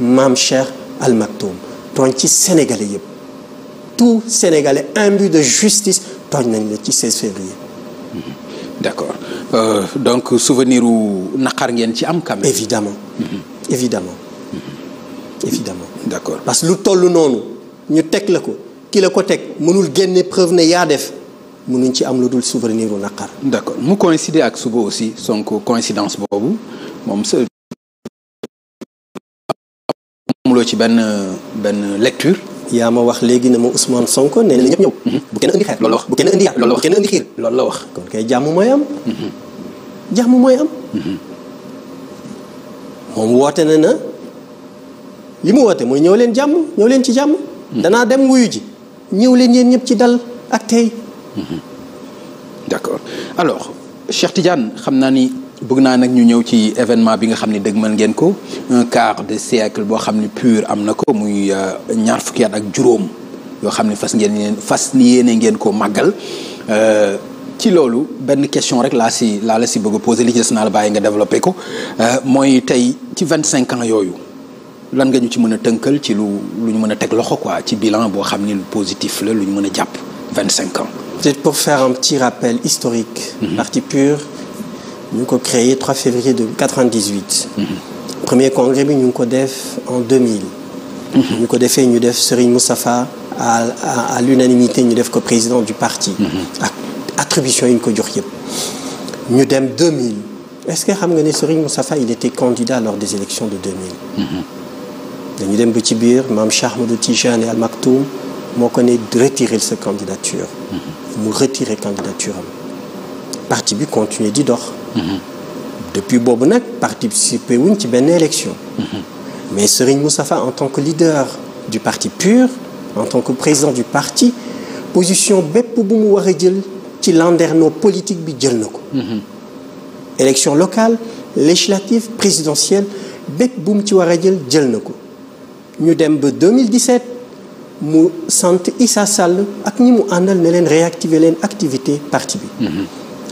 maam Cheikh Al Maktoum tooñ ci sénégalais yëpp tout sénégalais imbu de justice tooñ nañ la ci 16 février. Mhm. d'accord euh, donc souvenir naqar ngeen ci am quand même. évidemment mm-hmm. évidemment mm-hmm. évidemment. parce que lu toll noonu ñu teg la ko ki ko teg mënul génn preuve ne yaa def. mënuñ ci am lu dul souvenir u naqar. d'accord mu coïncider ak suba aussi Sonko coïncidence boobu moom sa loo ci benn benn lecture. yaa ma wax léegi ne ma Ousmane Sonko ne na ñëpp ñëw. Mhm. bu kenn andi xeer loolu la wax bu kenn andi yàq loolu la wax la wax. kon kay jàmm mooy am. Mhm. jàmm mooy am. Mhm. moom woote na na li mu woote mooy ñëw leen jàmm ñëw leen ci jàmm. danaa dem wuyu ji ñëw leen yéen ñëpp ci dal ak tey. d'accord alors Cheikh xam naa ni. bëgg naa nag ñu ñëw ci événement bi nga xam ne dëgmal ngeen ko un quart de siècle boo xam ne pur am na ko muy euh, ñaar fukki at ak juróom yoo xam ne fas ngeen fas yéene ngeen ko màggal euh, ci loolu benn question rek laa si laa la si bëgg a posé li ci des naa la bàyyi nga développé ko euh, mooy tey ci vingt cinq ans yooyu lan nga ñu ci mën a tënkal ci lu lu ñu mën a teg loxo quoi ci bilan boo xam ni lu positif la lu ñu mën a jàpp vingt cinq ans. peut-être pour faire un petit rappel ñu ko créé 3 février de 98. Mm-hmm. premier congrès bi ñu ngi ko def en 2000. Mm-hmm. ñu ko defee ñu def Serigne Moustapha à à l'unanimité ñu def ko président du parti. Mm-hmm. ak attribution yi ñu ko jox yëpp. ñu dem 2000 est-ce que xam nga ne Serigne Moustapha il était candidat lors des élections de 2000. dañu dem ba ci biir maam Cheikh Ahmadou Tijane Al Maktoum moo ko ne retirer sa candidature. mu retirer candidature am. parti bi continuer di dox. depuis boobu nag participer wuñ ci benn élection. mais Serigne Moustapha en tant que leader du parti PUR en tant que président du parti position bépp bu mu war a jël ci lander landerneau politique bi jël na ko. élection locale législative présidentielle bépp bu ci war a jël jël na ko ñu dem ba 2017 mu sant Issa Sall ak ñi mu àndal ne leen réactiver leen activité parti bi.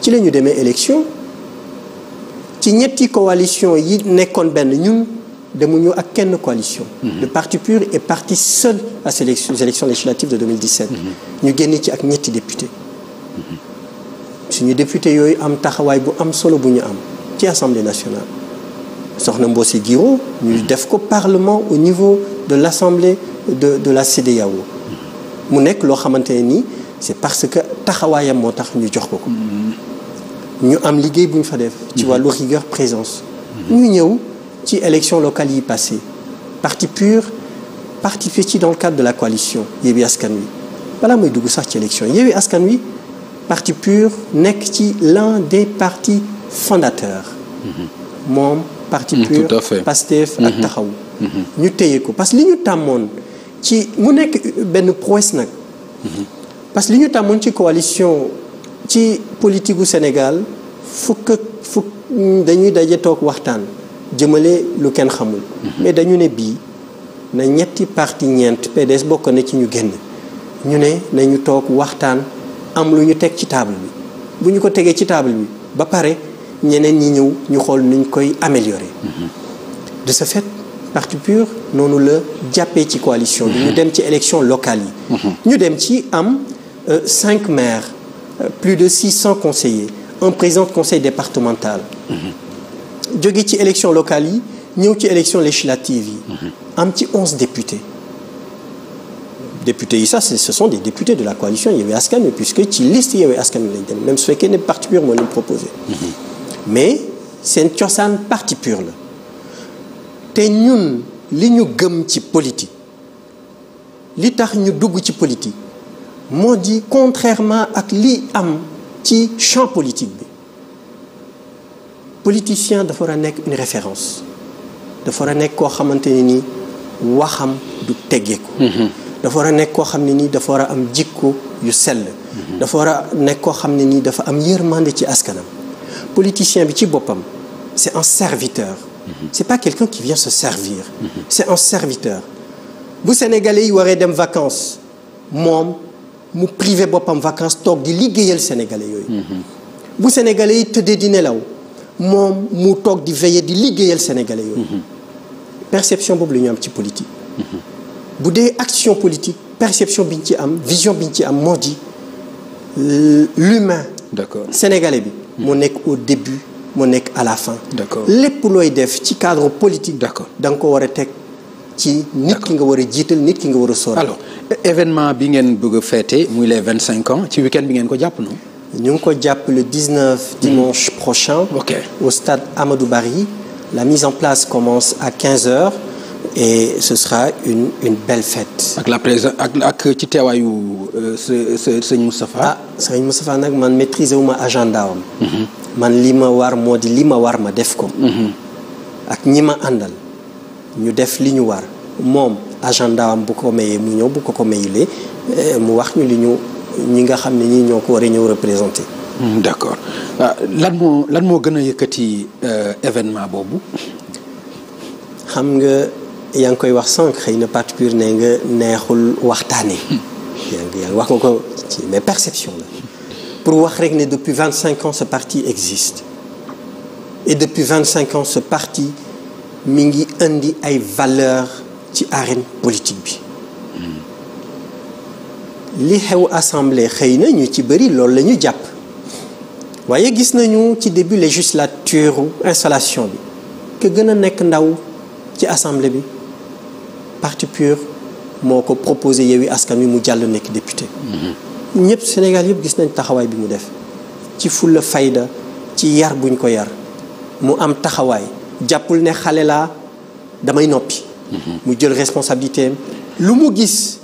ci la ñu demee élection. ci ñetti coalition yi nekkoon benn ñun demuñu ak kenn coalition mhm. le parti pur est parti seul à ces élections législatives de 2017 mhm. ñu génn ci ak ñetti député mhm. suñu député yooyu am taxawaay bu am solo bu ñu am ci assemblée nationale soxna Mbossé Guiro ñu def ko parlement au niveau de l'assemblée de de la CEDEAO mu nekk loo xamante ne nii c'est parce que taxawaayam moo tax ñu jox ko ko ñu am liggéey bu ñu fa def. ci wàllu rigueur présence. ñu ñëw ci élection locale yi passé parti pur participer ci dans le cadre de la coalition Yewwi Askan Wi balaa mooy dugg sax ci élection Yewwi Askan Wi parti pur nekk ci l'un des partis fondateurs. moom parti mm-hmm. pur Pastef ak mm-hmm. Taxawu. Mm-hmm. ñu téye ko parce que li ñu tàmmoon ci mu nekk benn prouesse nag. parce que li ñu tàmmoon ci coalition. ci politique gu Sénégal fukk ak dañuy daje toog waxtaan jëmale lu kenn xamul. Mhm. mais dañu ne bii na ñetti parti ñeent PDS bokk na ci ñu génn ñu ne nañu toog waxtaan am lu ñu teg ci table bi bu ñu ko tegee ci table bi ba pare ñeneen ñi ñëw ñu xool nuñ koy améliorer. Mhm. de ce fait parti pur noonu la jàppee ci coalition bi. Mhm. ñu dem ci élection locale yi. ñu dem ci am euh, cinq plus de 600 conseillers un président de conseil départemental. jóge ci élection locale yi ñëw ci élection législative yi. Mhm. am ci 11 député députés yi sax ce sont des députés de la coalition Yewwi Askan Wi puisque ci liste i Askan Wi lañ dem même su fekkee ne parti pur moo leen proposé. Mhm. mais seen cosaan parti pur la. te ñun li ñu gëm ci politique li tax ñu dugg ci politique. moo di contrairement ak li am ci champ politique bi politicien dafa war a nekk une référence dafa war a nekk koo xamante ne ni waxam du teggeeku mhm. dafa war a nekk koo xam ne nii dafa war a am jikko yu sell mhm. dafa war a nekk koo xam ne nii dafa am yërmande ci askanam politicien bi ci boppam c'est un serviteur mhm. c'est pas quelqu'un qui vient se servir c'est un serviteur bu sénégalais yi waree dem vacances moom mu privé boppam vacances toog di liggéeyal sénégalais yooyu. bu sénégalais yi tëddee di nelaw moom mu toog di veiller di liggéeyal sénégalais yooyu. perception boobu la ñu am ci politique. bu dee action politique perception bi ñu ci am vision bi ñu ci am moo di euh, l'humain. d'accord sénégalais bi. moo nekk au début moo nekk à la fin. d'accord lépp looy def ci cadre politique. d'accord da nga ko war a teg. ci nit ki nga war a jiital nit ki nga war a sóoraal. événement bi ngeen bëgg a féete muy les vingt cinq ans ci week bi ngeen ko jàpp noonu. ñu ngi ko jàpp le 19 hmm. dimanche mmh. prochain. Okay. au stade Amadou Barry la mise en place commence à 15 heures et ce sera une belle fête. ak la présence ak ak ci teewaayu euh, sëñ Moustapha. ah sëñ Moustapha nag man maîtriser wu ma agenda am. Mhm. man li ma war moo di li ma war ma def ko. Mhm. ak ñi ma àndal. ñu def li ñu war moom agenda bu ko mayee mu ñëw bu ko ko mayulee eh, mu wax ñu li ñu ñi nga xam ne ñi ñoo ko war a ñëw représenté. Hmm, d'accord ah, lan moo lan moo gën a yëkkati euh, événement boobu. xam nga yaa ngi koy wax sànq xëy na parti pur nga neexul waxtaanee. Hmm. yaa ngi wax nga ko ci mais perception la pour wax rek ne depuis vingt cinq ans ce parti existe et depuis vingt cinq ans ce parti. mi ngi indi ay valeur ci arène politique bi li xew assemblée xëy nañu ci bëri loolu lañu jàpp waaye gis nañu ci début législature installation bi que gën a nekk ndaw ci assemblée bi parti pur moo ko proposé Yewwi Askan Wi mu jàll nekk député ñëpp Sénégal yëpp gis nañ taxawaay bi mu def ci fulla fayda ci yar buñ ko yar mu am taxawaay jàppul ne xale laa damay noppi. Mhm. mu jël responsabilité lu mu gis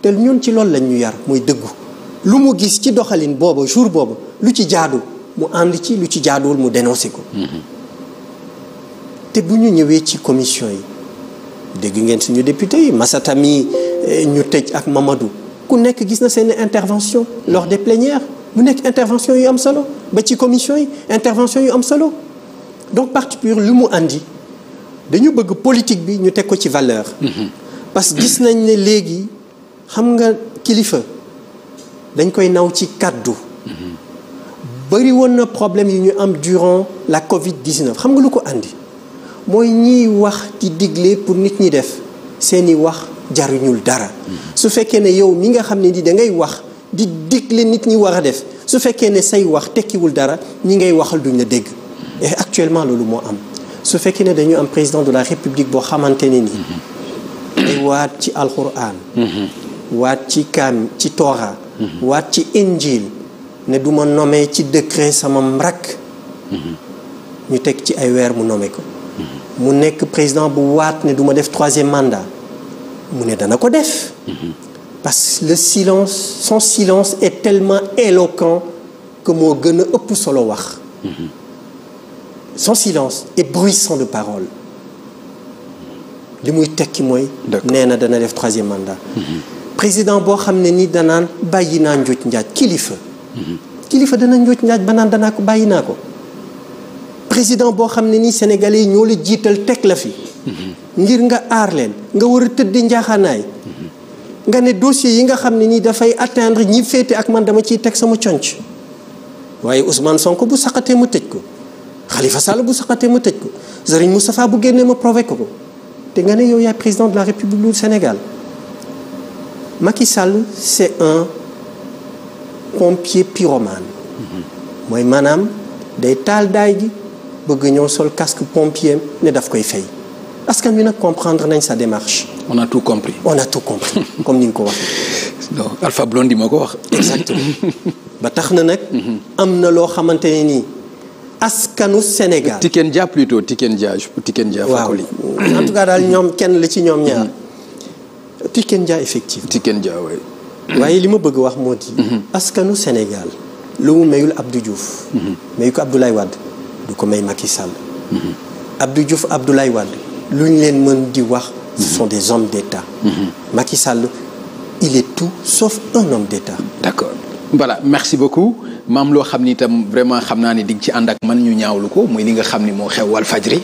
te ñun ci loolu lañ ñu yar mooy dëggu lu mu gis ci doxalin boobu jour boobu lu ci jaadu mu ànd ci lu ci jaaduwul mu dénoncé ko. Mhm. te bu ñu ñëwee ci commission yi dégg ngeen suñu député yi Massata mi eh, ñu tëj ak mamadu ku nekk gis na seen intervention lors des plénières mu nekk intervention yu am solo ba ci commission yi intervention yu am solo. donc parti pur lu mu andi dañu bëgg politique bi ñu teg ko ci valeur. Mhm. parce que gis nañ ne léegi xam nga kilifa dañ koy naw ci kàddu. Mhm. bëri woon na problème yi ñu am durant la Covid 19 xam nga lu ko indi mooy ñiy wax di digle pour nit ñi def seeni wax jaruñul dara. Mhm. su fekkee ne yow mi nga xam ne ni da ngay wax di digle nit ñi wax a def su fekkee ne say wax tekkiwul dara ñi ngay waxal duñ la dégg. et actuellement loolu moo am su fekkee ne dañu am président de la république boo xamante ne ni waat ci alxuraan waat ci kaam ci toora waat ci injil ne du ma nommé ci décret sama rak ñu teg ci ay weer mu nome ko mu nekk président bu waat ne du ma def troisième mandat mu ne dana ko def parce que le silence son silence est tellement éloquent que moo gën a ëpp solo wax sans silence et bruissant de parole li muy tekki mooy. nee na dana def troisième mandat. Mhm. président boo xam ne ni danaan bàyyi naa njuuj njaaj kilifa. Mhm. kilifa dana njuuj njaaj ba naan danaa ko bàyyi naa ko. président boo xam ne nii sénégalais yi ñoo la jiital teg la fi. Mhm. ngir nga aar leen nga war a tëdd njaaxaanaay. nga ne dossier yi nga xam ne nii dafay atteindre ñi féete ak man dama ciy teg sama conc waaye Ousmane Sonko bu saxatee ma tëj ko. Khalifa Sall bu saxatee ma teg ko Serigne Moustapha bu génnee ma provoqué ko te nga ne yow yaay président de la République du Sénégal Macky Sall c'est un pompier pyromane. mooy maanaam day taal daay gi bëgg ñëw sol casque pompier ne daf koy fay askan wi nag comprendre nañ sa démarche. on a tout compris. on a tout compris comme ni nga ko waxee. Alpha Blondy moo ko wax. exactement ba tax na nag. Mhm. am na loo xamante ne nii. askanu Sénégal. Tikenja plutôt Tikenja Tikenja Fakoli. waaw en tout cas daal ñoom kenn la ci ñoom ñaar. Mm-hmm. Tikenja effectivement. Tikenja waay. waaye li ma bëgg wax moo di. Mm-hmm. askanu Sénégal. lu mu mayul Abdou Diouf. Mm-hmm. mayu ko Abdoulaye Wade du ko may Macky Sall. Abdou Diouf lu ñu leen mën di wax. ce sont des hommes d'État. Macky Sall il est tout sauf un homme d'État. d'accord merci beaucoup. ma loo xam ni itam vraiment xam naa ni di ci ànd ak man ñu ñaawlu ko mooy li nga xam ni moo xew wal ri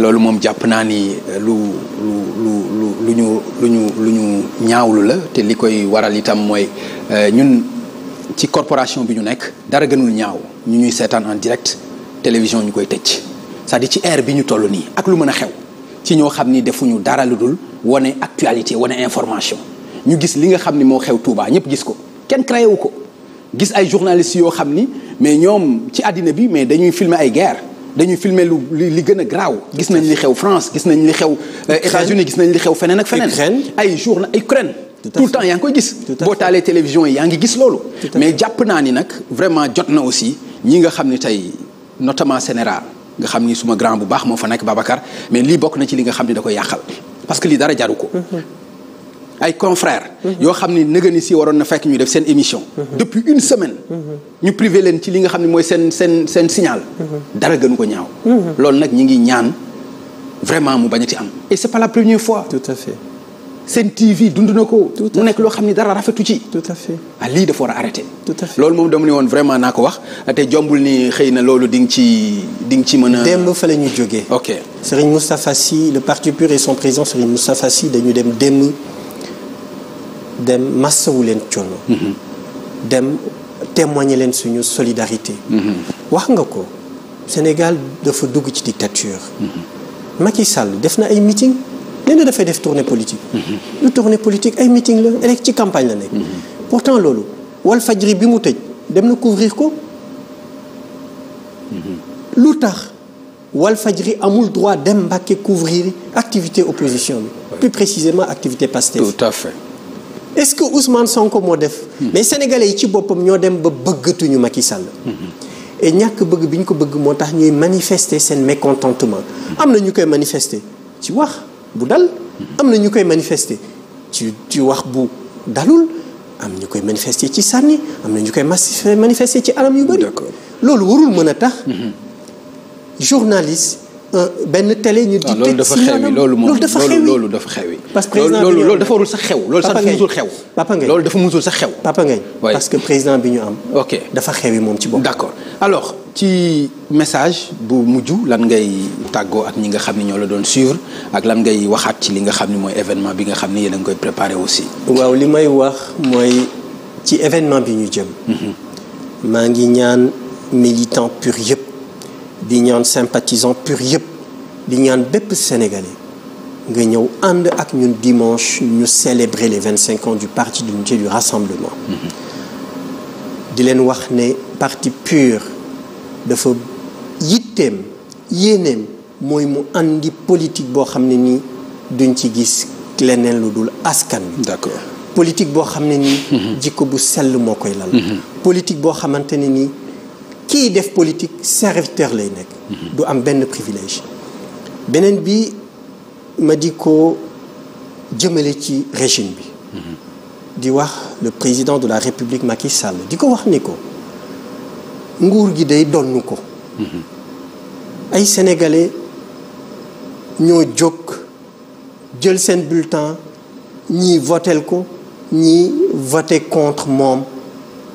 loolu moom jàpp naa ni lu lu lu lu ñu lu ñu lu ñu ñaawlu la te li koy waral itam mooy euh, ñun ci corporation bi ñu nekk dara gënul ñaaw ñu ñuy seetaan en direct télévision ñu koy tëj cest à ci air bi ñu toll nii ak lu mën a xew ci ñoo xam ni defuñu dara lu dul wane actualité wane information ñu gis li nga xam ni moo xew Touba ñëpp gis ko kenn créé wu ko. gis ay journalistes yoo xam ni mais ñoom ci àddina bi mais dañuy filmer ay guerre dañuy filmer lu li gën a graaw gis nañ li xew France gis nañ li xew euh, États-Unis gis nañ li xew feneen ak feneen ay journa Ukraine tout le temps yaa ngi koy gis boo taalee télévision yaa ngi gis loolu mais jàpp naa ni nag vraiment jot na aussi ñi nga xam ni tey notamment Sénéral nga xam ni suma grand bu baax moo fa nekk Babacar mais lii bokk na ci li nga xam ni da koy yàqal parce que lii dara jaru ko mm-hmm. ay confrères. yoo xam ne nëgëni si waroon na fekk ñu def seen émission. depuis une semaine. ñu privé leen ci li nga xam ne mooy seen seen seen signal. dara gënu ko ñaaw. loolu nag ñi ngi ñaan vraiment mu bañ a ci am. et c'est pas la première fois. tout dund na ko. mu nekk loo xam ne dara rafetu ci. Ah lii def war a arrêté. tout loolu moom dama ne woon vraiment naa ko wax te jombul ni xëy na loolu di nga ci di nga ci mën a. démb fa la ñu jógee. ok Serigne Moustapha Sy le parti pur et son président Serigne Moustapha Sy dañu dem démb. dem massawu leen coono. Mhm. dem témoigner leen suñu solidarité. Mhm. wax nga ko Sénégal dafa dugg ci dictature. Mhm. Macky Sall def na ay meeting nee na dafay def tournée politique. lu tournée politique ay meeting la rek ci campagne la nekk. pourtant loolu wal fajri bi mu tëj dem na couvrir ko. lu tax Walfadjri amul droit dem Mbacké couvrir activité opposition bi. plus précisément activité Pastef. tout à fait. est-ce que Ousmane Sonko moo def. Hmm. mais sénégalais yi ci boppam ñoo dem ba bëggatuñu Macky Sall. Hmm. et ñàkk bëgg bi ñu ko bëgg moo tax ñuy manifeste seen mécontentement. Hmm. am na ñu koy manifester ci wax bu dal. am na ñu koy manifester ci ci wax bu dalul am ñu koy manifester ci sànni am na ñu koy manifester ci anam yu bëri. loolu warul mën a tax. journaliste. Euh, benn tele ñu. di teg si yoonam loolu dafa xewi loolu dafa xewi. parce que président loolu loolu dafa sax xew. loolu sax dafa musul xew. Papa Ngagne loolu dafa musul sax xew. Papa Ngagne parce que président bi ñu am. ok dafa xewi moom ci boppam. d'accord alors ci message bu mujj lan ngay tàggoo ak ñi nga xam ne ñoo la doon suivre ak lan ngay waxaat ci li nga xam ne mooy événement bi nga xam ne yéen a koy préparer aussi. waaw li may wax mooy ci événement bi ñu jëm. Mhm. maa ngi ñaan militant pur yëpp. di ñaan sympathisant pur yëpp di ñaan bépp sénégalais nga ñëw ànd ak ñun dimanche ñu célébrer les vingt cinq ans du parti d'unité du rassemblement mm-hmm. di leen wax ne parti pur dafa yitteem yéeneem mooy mu andi politique boo xam ne nii duñ ci gis leneen lu dul askan wi d'accord politique boo xam ne nii mm-hmm. jikko bu sell moo koy lal mm-hmm. politique boo xamante ne nii kii def politique serviteur lay nekk. Mhm. du am benn privilège. beneen bi ma di ko jëmale ci régime bi. Mhm. di wax le président de la république Macky Sall di ko wax ni ko nguur gi day donnu ko. Mhm. ay sénégalais ñoo jóg jël seen bulletin ñi votel ko ñi vote contre moom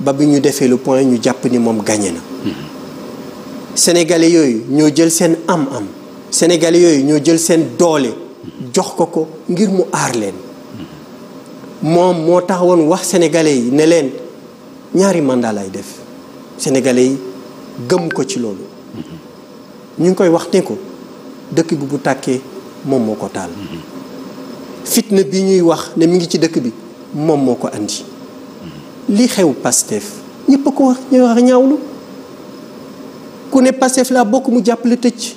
ba bi ñu defee le point ñu jàpp ni moom gagné na. sénégalais yooyu ñoo jël seen am-am. sénégalais yooyu ñoo jël seen doole. jox ko ko ngir mu aar leen. moom moo taxawoon wax sénégalais yi ne leen ñaari mandat lay def sénégalais yi gëm ko ci loolu. ñu ngi koy wax ne ko dëkk bi bu takkee moom moo ko taal. fitna bi ñuy wax ne mi ngi ci dëkk bi moom moo ko andi. li xew Pastef ñëpp ko wax ñu wax ñaawlu ku ne Pastef la bokk mu jàppale tëj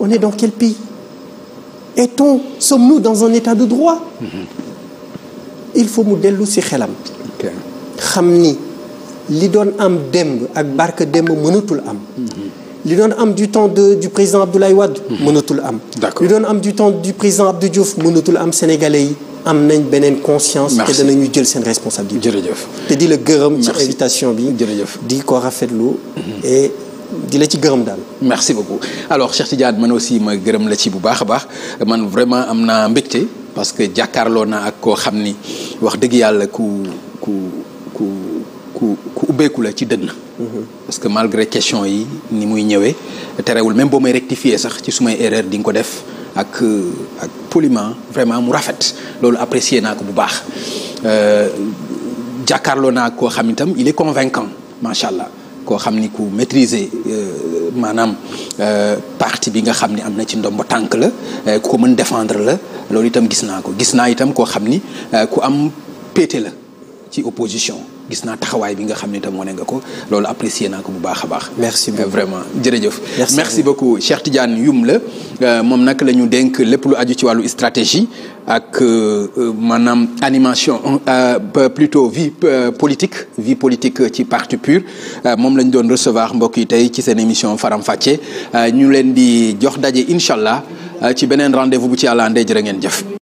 on est dans quel pays est-on sommes-nous dans un état de droit mm-hmm. il faut mu dellu si xelam xam ni li doon am démb ak barke démb mënatul am mm-hmm. li doon am du temps de du président Abdoulaye Wade mm-hmm. mënatul am d'accord li doon am du temps du président Abdou Diouf mënatul am sénégalais yi am nañ beneen conscience. te danañu jël seen responsabilité. jërëjëf te di la gërëm. ci invitation bi jërëjëf. di ko rafetlu. Mhm. et di la ci gërëm daal. merci beaucoup alors Cheikh Tidiane man aussi ma gërëm la ci bu baax a baax man vraiment am naa mbégte parce que jàkkaarloo naa ak koo xam ni wax dëgg yàlla ku ku ku ku ku ubbeeku la ci dënn. Mhm. parce que malgré question yi ni muy ñëwee terewul même boo may rectifier sax ci sumay erreur di nga ko def. ak ak poliment vraiment mu rafet loolu apprécier naa ko bu baax euh, jàkkaarloo naa koo xam itam il est convaincant macha allah koo xam ni ku maîtriser euh, maanaam euh, parti bi nga xam ni am na ci ndombo tànk la ku ko mën défendre la loolu itam gis naa ko gis naa itam koo xam ni ku am pété la ci opposition gis naa taxawaay bi nga xam ne moo ne nga ko loolu apprécier naa ko bu baax a baax. merci beaucoup euh, vraiment jërëjëf. merci, merci beaucoup tijan Tidiane Youm la euh, moom nag la ñu dénk lépp lu aju ci wàllu stratégie ak euh, maanaam animation plutôt vie politique vie politique ci parti PUR moom la ñu doon recevoir mbokk yi tey ci seen émission Faram Facce ñu leen di jox daje incha allah ci beneen rendez-vous bu ci yàlla andee jërë ngeen jëf.